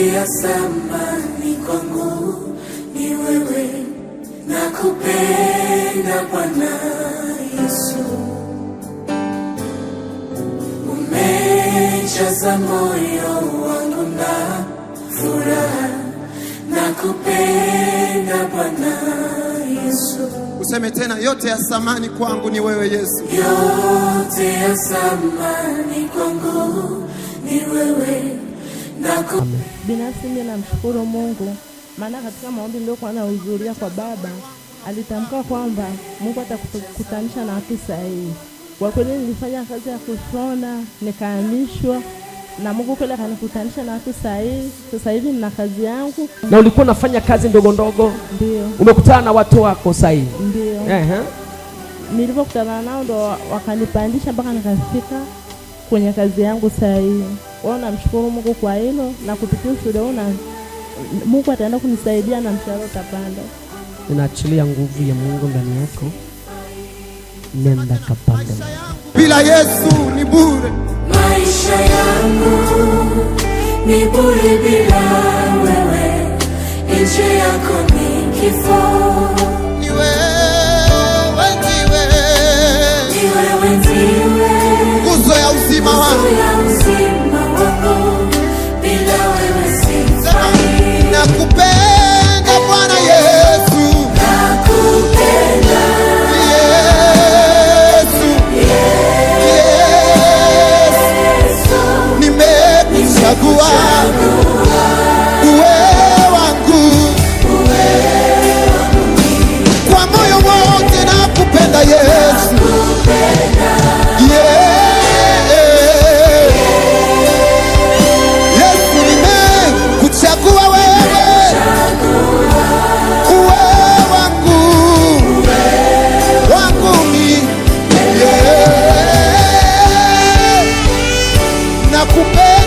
ya samani kwangu ni wewe, nakupenda Bwana Yesu, umejaza moyo wangu na furaha, nakupenda Bwana Yesu. Useme tena, yote ya samani kwangu ni wewe Yesu, yote ya samani kwangu ni wewe Binafsi mimi namshukuru Mungu, maana katika maombi niliyokuwa nahudhuria kwa baba alitamka kwamba Mungu atakutanisha na watu sahihi. Kwa kweli nilifanya kazi ya kushona nikahamishwa na Mungu kweli akanikutanisha na watu sahihi. Sasa hivi nina kazi yangu. Na ulikuwa unafanya kazi ndogo ndogo? Ndio. Umekutana na watu wako sahihi? Ndio. Ehe. Nilivyokutana nao ndo wakanipandisha mpaka nikafika kwenye kazi yangu sahihi. Wao, namshukuru Mungu kwa hilo, na kupitia ushuhuda huu Mungu ataenda kunisaidia na mshahara utapanda. Ninaachilia nguvu ya Mungu ndani yako, nenda kapanda. Bila Yesu ni bure, maisha yangu ni bure bila wewe, nje yako ni kifo. Ni wewe ndiwe, nguzo ya uzima wangu Yanda yes.